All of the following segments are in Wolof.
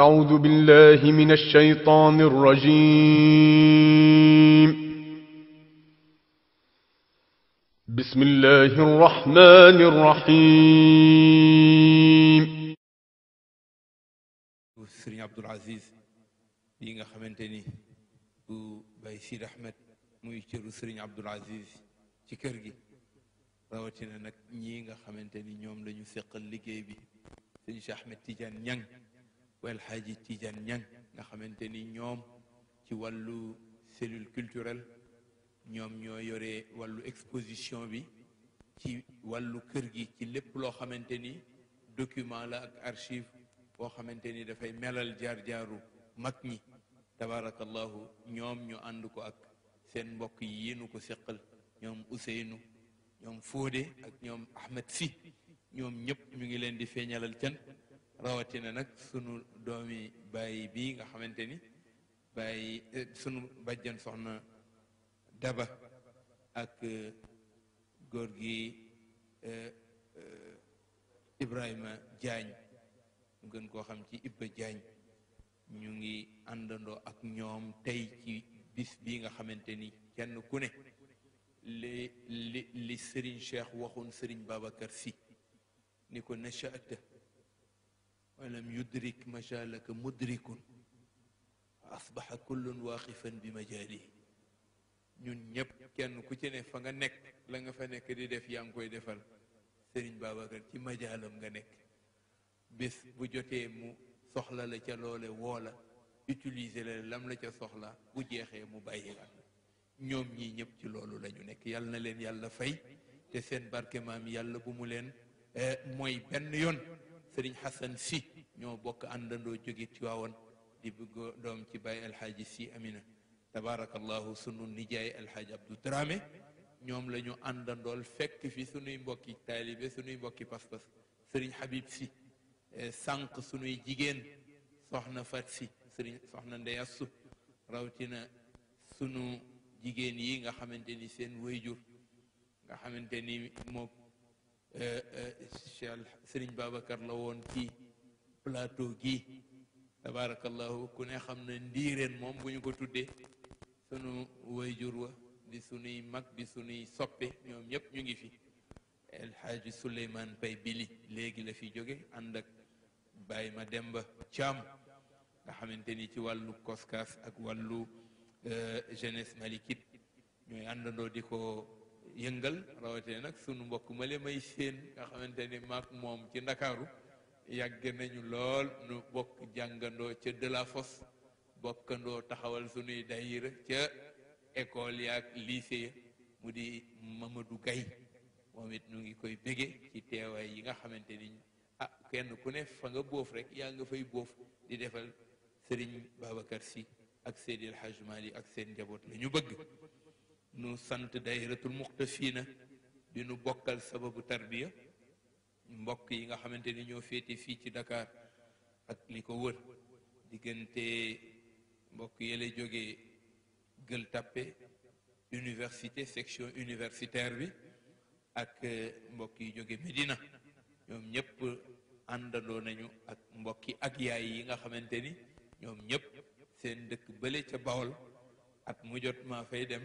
أعوذ بالله من الشيطان الرجيم بسم الله الرحمن الرحيم سيرين عبد العزيز ييغا خامتيني بو باي سير احمد موي تيرو سيرين عبد العزيز سي كيرغي راوتينا نك نيغا خامتيني نيوم لا نيو سيقال ليغي بي سيرين احمد تيجان نيان wal xaaji Tidiane Niang nga xamante ni ñoom ci wàllu cellule culturelle ñoom ñoo yore wàllu exposition bi ci wàllu kër gi ci lépp loo xamante ni document la ak archive boo xamante ni dafay melal jaar-jaaru mag ñi tabaarakallahu ñoom ñu ànd ko ak seen mbokk yi yéenu ko seqal ñoom Ousseynou ñoom Fodé ak ñoom Ahmed Sy ñoom ñëpp ñu ngi leen di feeñalal can rawatina nag sunu doomi bàyyi bii nga xamante ni bàyyi eh, sunu bàjjan soxna daba ak eh, góor gi eh, Ibrahima Diagne ñu gën koo xam ci Ibba jaañ ñu ngi àndandoo ak ñoom tey ci bis bi nga xamante ni kenn ku ne li li li Serigne Cheikh waxoon Serigne Babacar ni ko nachaata ولم يدرك مجالك مدرك أصبح كل واقفا بمجاله ñun ñëpp kenn ku ci ne fa nga nekk la nga fa nekk di def yaa ngi koy defal sëriñ Babacar ci majaalam nga nekk bés bu jotee mu soxla la ca loole woo la utiliser la lam la ca soxla bu jeexee mu bàyyi la ñoom ñi ñëpp ci loolu la ñu nekk yàlla na leen yàlla fay te seen barke maam yàlla bu mu leen mooy benn yoon sëriñ xasan si ñoo bokk àndandoo jóge Tiwaawan di bëgg doom ci bàyyi alxaaji si amina tabaarakallahu sunu nijaay alxaaji abdou dramé ñoom la ñu àndandool fekk fii sunuy mbokki taalibe sunuy mbokki pas-pas sëriñ xabib si eh, sànq sunuy jigéen soxna fat si sëriñ soxna ndeyasu rawtina sunu jigéen yi nga xamante ni seen wéyjur nga xamante moo cheikh eh, sëriñ Babacar la woon ci plateau gi tabarakallahu ku ne xam na ndiireen moom bu ñu ko tuddee sunu wayjur wa di sunuy mag di sunuy soppe ñoom ñëpp ñu ngi fi El Hadji Souleymane Pay Bili léegi la fi jóge ànd ak Baye Mademba Thiam nga xamante ni ci wàllu koskaas ak wàllu eh, jeunesse malikite ñooy àndandoo di ko yëngal rawatee nag sunu mbokk male may séen nga xamante ni maak moom ci ndakaaru yàgg nañu lool nu bokk jàngandoo ca Delafosse bokkandoo taxawal sunuy dayira ca école yaak lycée mu di Mamadou Gaye moom it ñu ngi koy bége ci teewaay yi nga xamante ni ah kenn ku ne fa nga boof rek yaa nga fay boof di defal sëriñ Babacar Sy ak Seydil Hadj Mali ak seen njaboot la ñu bëgg nu sant dayratul muxtafina di nu bokkal sababu tarbiya mbokk yi nga xamante ni ñoo féete fii ci Dakar ak li ko wër diggante mbokk yële jógee Gueule Tapée université section universitaire bi ak euh, mbokk yi jóge Médina ñoom ñëpp àndandoo nañu ak mbokki ak yaay yi nga xamante ni ñoom ñëpp seen dëkk bële ca Bawol at mu jot maa fay dem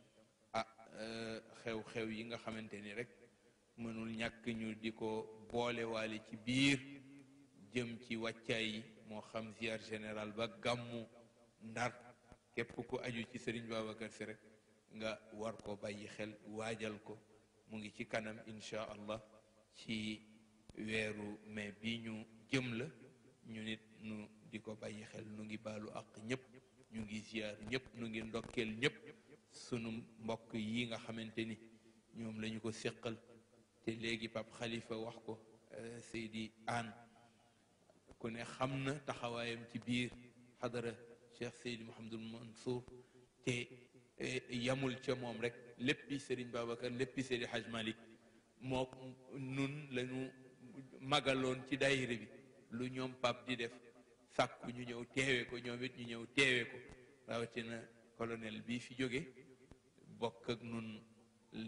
ah eh, xew-xew yi nga xamante ni rek mënul ñàkk ñu di ko boolewaale ci biir jëm ci wàccaay moo xam ziar général ba gàmmu ndar képp ku aju ci sëriñ Babacar si rek nga war ko bàyyi xel waajal ko mu ngi ci kanam incha allah ci weeru mais bi ñu jëm la ñu nit nu di ko bàyyi xel nu ngi baalu àq ñëpp ñu ngi ziar ñëpp nu ngi ndokkeel ñëpp sunu mbokk yi nga xamante ni ñoom lañu ko séqal te léegi Pape xalifa wax ko euh, Seydi Anne ku ne xam na taxawaayam ci biir xadara Cheikh Seydi Mouhamadul Mansour te euh, yamul ca moom rek léppi Serigne Babacar léppi Seydi Hadj Malick moo nun lañu magaloon ci daayira bi lu ñoom Pape di def sàkku ñu ñëw teewe ko ñoom ñu ñëw teewe ko rawatina colonel bi fi jóge bokk ak nun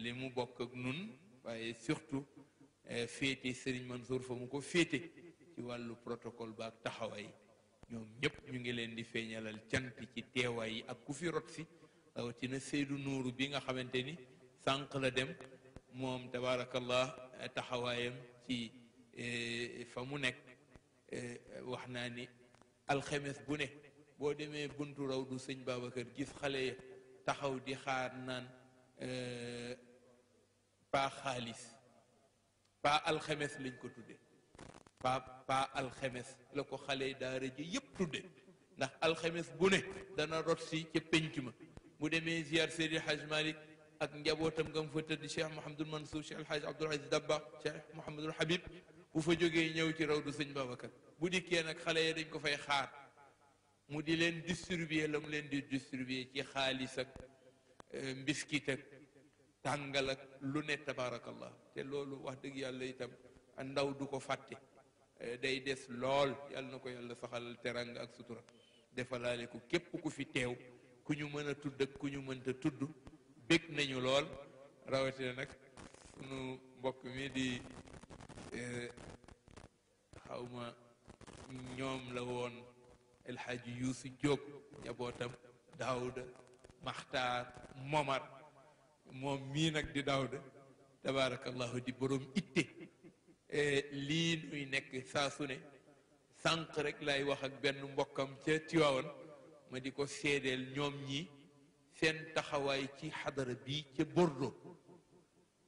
li mu bokk ak nun waaye surtout féete Serigne Mansour fa mu ko féete ci wàllu protocole ba ak taxawaay ñoom ñëpp ñu ngi leen di feeñalal cant ci teewaay yi ak ku fi rot si rawatina Seydou Nourou bi nga xamante ni la dem moom tabaarakallah taxawaayam ci fa mu nekk wax naa ni bu ne boo demee buntu raw du sëñ gis xale ya taxaw di xaar naan paa xaalis paa alxemes lañ ko tudde paa paa alxemes la ko xale yi daara ji yépp tudde ndax alxemes bu ne dana rot si ca pénc ma bu demee ziar Seydi Haj Malik ak njabootam nga mu fa tëdd Cheikh Mouhamadul Mansour Cheikh El Hadj Abdoul Aziz Dabba Cheikh Mouhamadul Habib bu fa jógee ñëw ci raw du sëñ Babacar bu dikkee nag xale yi dañ ko fay xaar mu di leen distribuer la mu leen di distribuer ci xaalis ak euh, mbiskit ak tàngal ak lu ne tabaarakallah te loolu wax dëgg yàlla itam ndaw du ko fàtte euh, day des lool yàlla na ko yàlla saxal teranga ak sutura defalaale ko képp ku fi teew ku ñu mën a tudd ak ku ñu mënta tudd bég nañu lool rawatina nag sunu mbokk mi di euh, xawma ñoom la woon El Hadj Youssou Diop njabootam Daouda Maxtaar Momar moom mii nag di Daouda tabaarakallahu di borom itte e lii nuy nekk saa su ne sànq rek lay wax ak benn mbokkam ca Tiwaawan ma di ko seedeel ñoom ñi seen taxawaay ci xadara bi ca Bordeaux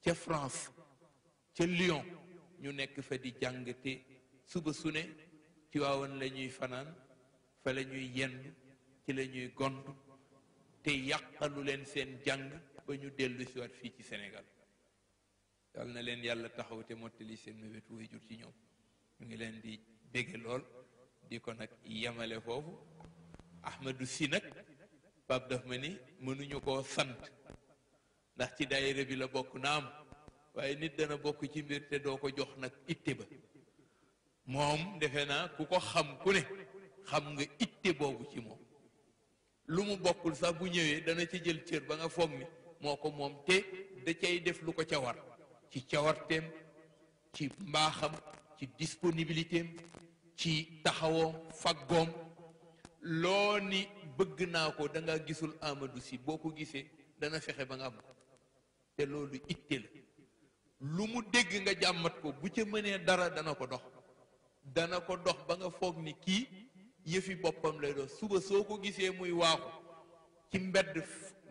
ca France ca Lyon ñu nekk fa di jàng te suba su ne Tiwaawan la ñuy fanaan fa la ñuy yendu ci la ñuy gontu te yàqalu leen seen jàng ba ñu dellu si waat fii ci senegal yal na leen yàlla taxaw te mottali seen mébét way ci ñoom ñu ngi leen di bége lool di ko nag yemale foofu Ahmadou si nag Pape daf ma ni mënuñu koo sant ndax ci daayira bi la bokk naam waaye nit dana bokk ci mbir te doo ko jox nag itte ba moom defe naa ku ko xam ku ne xam nga itte boobu ci moom lu mu bokkul sax bu ñëwee dana ci jël cër ba nga foog ni moo ko moom te da cay def lu ko ca war ci cawarteem ci mbaaxam ci disponibilitéem ci taxawoom faggoom loo ni bëgg naa ko danga gisul Amadou Sy boo ko gisee dana fexe ba nga am ko te loolu itte la lu mu dégg nga jàmmat ko bu ca mënee dara dana ko dox dana ko dox ba nga foog ni kii yëfi boppam lay doon suba soo ko gisee muy waaxu ci mbedd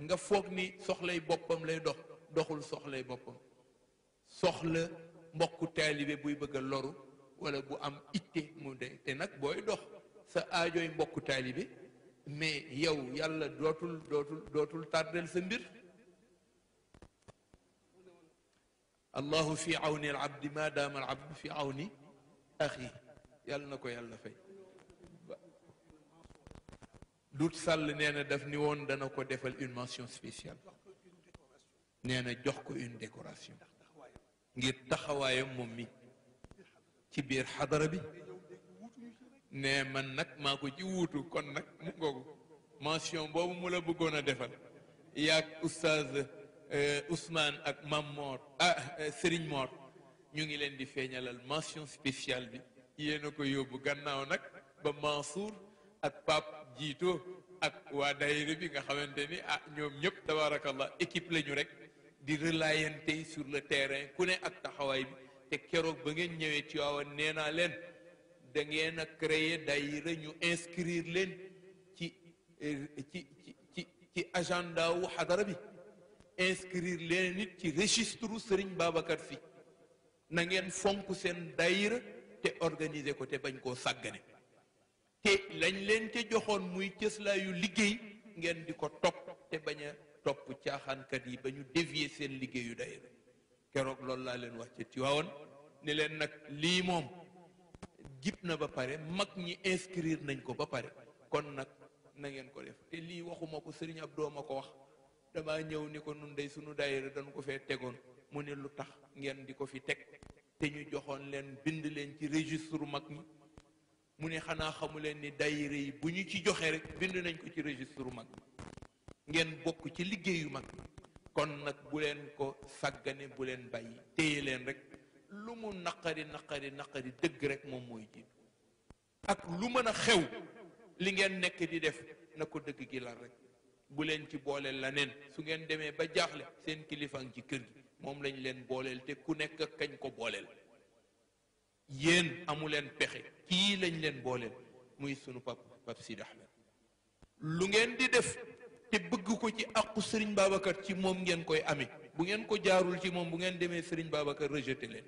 nga foog ni soxlay boppam lay dox doxul soxlay boppam soxla mbokku taalibe buy bëgg a loru wala bu am itte mu de te nag booy dox sa aajooy mbokku taalibe mais yow yàlla dootul dootul dootul tardel sa mbir allahu fi awni al abdi ma daama al abdu fi awni axi yàlla na ko yàlla fay Dout Sall nee na daf ni woon dana ko defal une mention spéciale nee na jox ko une décoration ngir taxawaayam moom mi ci biir xadara bi ne man nag maa ko ci wuutu kon nag mu ngoogu mention boobu mu la bëggoon a defal yaag oustaz euh, Ousmane ak Mam Mor ah euh, Serigne Mor ñu ngi leen di feeñalal mention spéciale bi yéen ko yóbbu gannaaw nag ba Mansour ak Pape jiitoo ak waa daayira bi nga xamante ni ah ñoom ñëpp tabarakallah équipe la ñu rek di relayante sur le terrain ku ne ak taxawaay bi te keroog ba ngeen ñëwee ci waawa nee naa leen da ngeen a créer daayira ñu inscrire leen eh, ci ci ci ci agenda wu xadara bi inscrire leen nit ci registre sëriñ Babacar Sy na ngeen fonk seen daayira te organiser ko te bañ koo saggane te lañ leen ca joxoon muy cëslaayu liggéey ngeen di ko topp te bañ a topp caaxaankat yi ba ñu dévier seen liggéeyu daayira keroog loolu laa leen wax ci Tiwaawan ni leen nag lii moom jib na ba pare mag ñi inscrire nañ ko ba pare kon nag na ngeen ko def te lii waxuma ko sëriñ Abdou ma ko wax dama ñëw ni ko nun day sunu daayira dañ ko fee tegoon mu ne lu tax ngeen di ko fi teg te ñu joxoon leen bind leen ci registre mag ñi mu ne xanaa xamu leen ni daayira yi bu ñu ci joxee rek bind nañ ko ci registre mag ngeen bokk ci liggéeyu mag kon nag bu leen ko sàggane bu leen bàyyi téye leen rek lu mu naqari naqari naqari dëgg rek moom mooy jiitu ak lu mën a xew li ngeen nekk di def na ko dëgg gi lal rek bu leen ci booleel la neen su ngeen demee ba jaaxle seen kilifa ci kër gi moom lañ leen booleel te ku nekk kañ ko booleel yéen amuleen pexe kii lañ leen booleel muy sunu pap pap Sidi Ahmed lu ngeen di def te bëgg ko ci àqu Sëriñ Babacar ci moom ngeen koy amee bu ngeen ko jaarul ci moom bu ngeen demee Sëriñ Babacar rejeté leen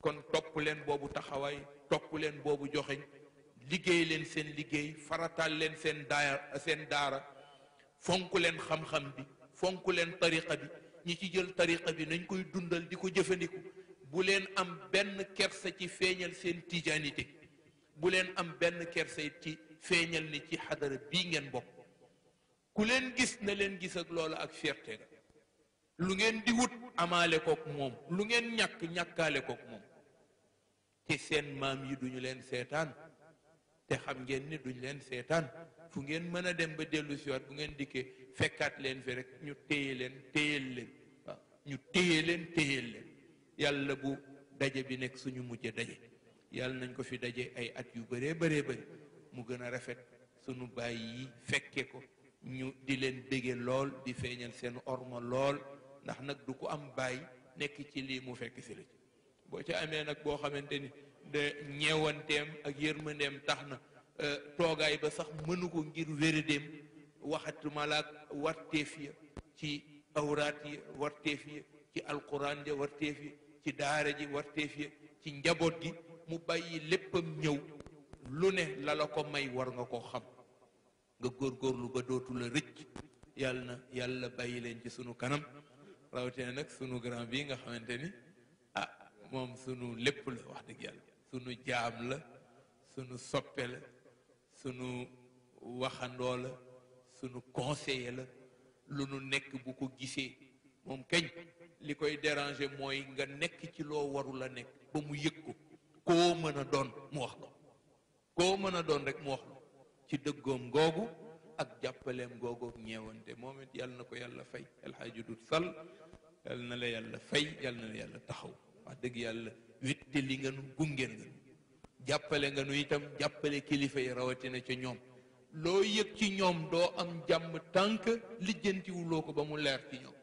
kon topp leen boobu taxawaay topp leen boobu joxeñ liggéey leen seen liggéey farataal leen seen daara seen daara fonk leen xam-xam bi fonk leen tariqa bi ñi ci jël tariqa bi nañ koy dundal di ko jëfandiku bu leen am benn kersa ci feeñal seen tijaanité bu leen am benn kersa ci feeñal ni ci xadara bii ngeen bokk ku leen gis na leen gis ak loola ak fierté ga lu ngeen di wut amaale kook moom lu ngeen ñàkk ñàkkaale kook moom te seen maam yi duñu leen seetaan te xam ngeen ni duñ leen seetaan fu ngeen mën a dem ba dellu siwaat bu ngeen dikkee fekkaat leen fi rek ñu téye leen téyel leen waaw ñu téye leen téyel leen yàlla bu daje bi nekk suñu mujj daje yàlla nañ ko fi daje ay at yu bëree bëree bëri mu gën a rafet suñu bàyyi yi fekke ko ñu di leen bége lool di feeñal seen orma lool ndax nag du ko am bàyyi nekk ci lii mu fekk si la ci boo ca amee nag boo xamante ni de ñeewanteem ak yërmandeem tax na euh, toogaay ba sax mënu ko ngir wéradéem waxatuma laak warteef ya ci awraat ya warteef ya ci alquran ja warteef ya ci daara ji warteef ya ci njaboot gi mu bàyyi léppam ñëw lu ne lala ko may war nga koo xam nga góorlu ba dootu la rëcc yàlla na yàlla bàyyi leen ci sunu kanam rawatina nag sunu grand bi nga xamante ni ah moom sunu lépp la wax dëgg yàlla sunu jaam la sunu soppe la sunu waxandoo la sunu conseiller la lu nu nekk bu ko gisee moom kañ li koy dérangé mooy nga nekk ci loo warul a nekk ba mu yëg ko koo mën a doon mu wax ko koo mën a doon rek mu wax ko ci dëggoom googu ak jàppaleem googu ñeewante moom it na ko yàlla fay alxaaji dut sal yàlla na la yàlla fay yàlla na yàlla taxaw wax dëgg yàlla wétte li nga nu gungeen nga nu jàppale nga nu itam jàppale kilifa yi rawatina ca ñoom loo yëg ci ñoom doo am jàmm tànk lijjantiwuloo ko ba mu leer ci ñoom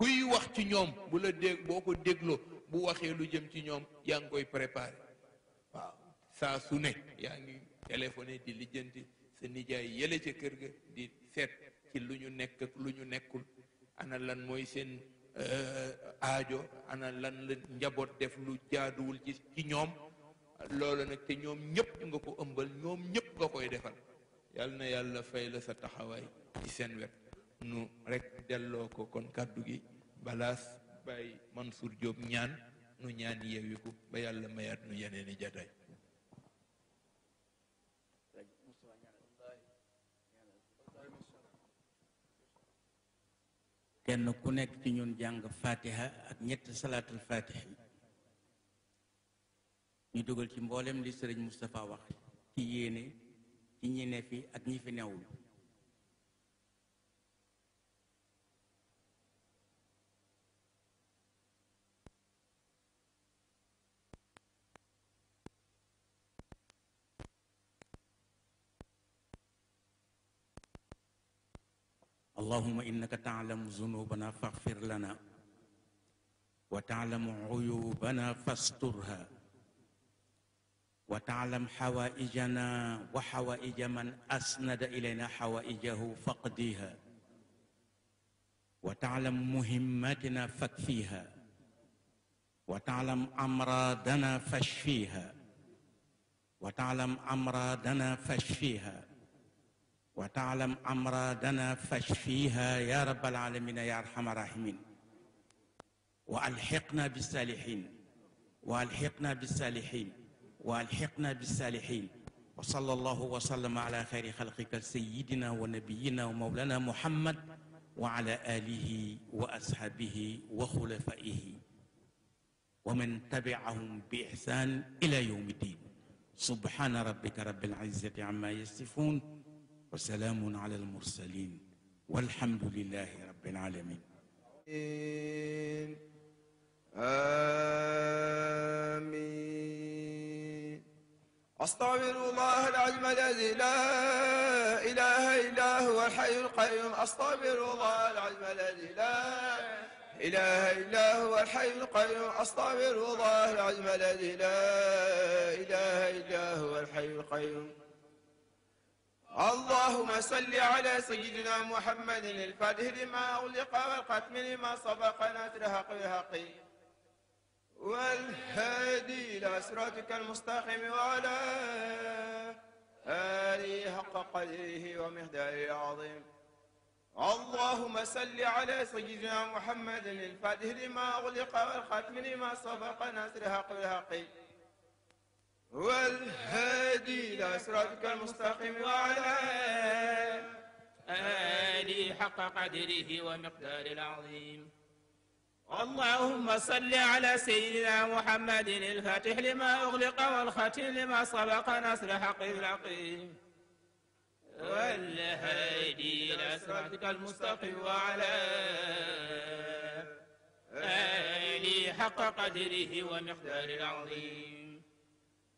kuy wax ci ñoom bu la dégg boo ko dégloo bu waxee lu jëm ci ñoom yaa ngi koy préparé waaw saa su ne yaa ngi téléphoné di lijjanti sa nijaay yële ca kër ga di seet ci lu ñu nekk lu ñu nekkul ana lan mooy seen euh, aajo ana lan la njaboot def lu jaaduwul ci ñoom loolu nag te ñoom ñëpp nga ko ëmbal ñoom ñëpp nga koy defal yal na yàlla fay la sa taxawaay ci seen wet nu rek delloo ko kon kàddu gi balaas bay Mansour Diop ñaan nu ñaan yeewiku ba yàlla mayaat nu yeneeni jataay kenn ku nekk ci ñun jàng fatiha ak ñett salaatul fatiha ñu dugal ci mbooleem li sëriñ Moustapha wax ci yéene ci ñi ne fi ak ñi fi newul اللهم إنك تعلم ذنوبنا فاغفر لنا وتعلم عيوبنا فاسترها وتعلم حوائجنا وحوائج من أسند إلينا حوائجه فقديها وتعلم مهمتنا فاكفيها وتعلم أمراضنا فاشفيها وتعلم أمراضنا فاشفيها وتعلم أمراضنا فاشفيها يا رب العالمين يا أرحم الراحمين وألحقنا بالصالحين وألحقنا بالصالحين وألحقنا بالصالحين وصلى الله وسلم على خير خلقك سيدنا ونبينا ومولانا محمد وعلى آله وأصحابه وخلفائه ومن تبعهم بإحسان إلى يوم الدين سبحان ربك رب العزة عما يصفون وسلام على المرسلين والحمد لله رب العالمين آمين أستغفر الله العظيم الذي لا إله إلا هو الحي القيوم أستغفر الله العظيم الذي لا إله إلا هو الحي القيوم أستغفر الله العظيم الذي لا إله إلا هو الحي القيوم اللهم صل على سيدنا محمد الفاتح لما أغلق والختم لما سبق ناصر الحق بالحق والهادي إلى صراطك المستقيم وعلى آله حق قدره ومهداره العظيم اللهم صل على سيدنا محمد الفاتح لما أغلق والختم لما سبق ناصر الحق بالحق هو الهادي إلى صراطك المستقيم وعلى آله حق قدره ومقدار العظيم اللهم صل على سيدنا محمد الفاتح لما أغلق والختم لما سبق نصر حق العقيم والهادي إلى صراطك المستقيم وعلى آلي حق قدره ومقدار العظيم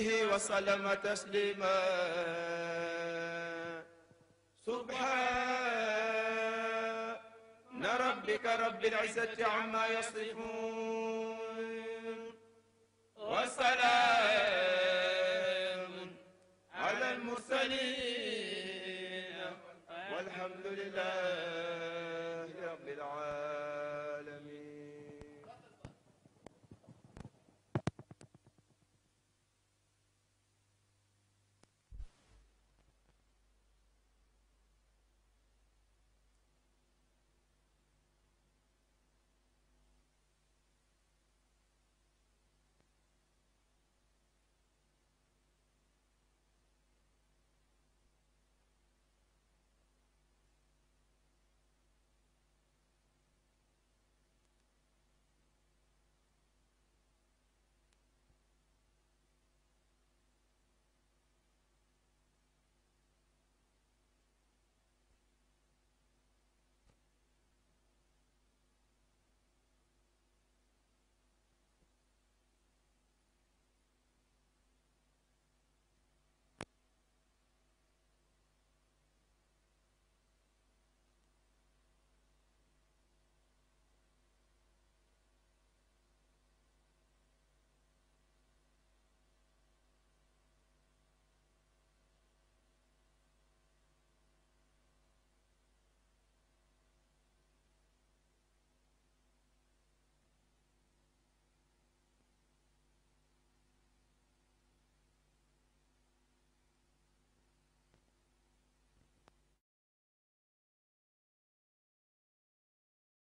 عليه وسلم تسليما سبحان ربك رب العزة عما يصفون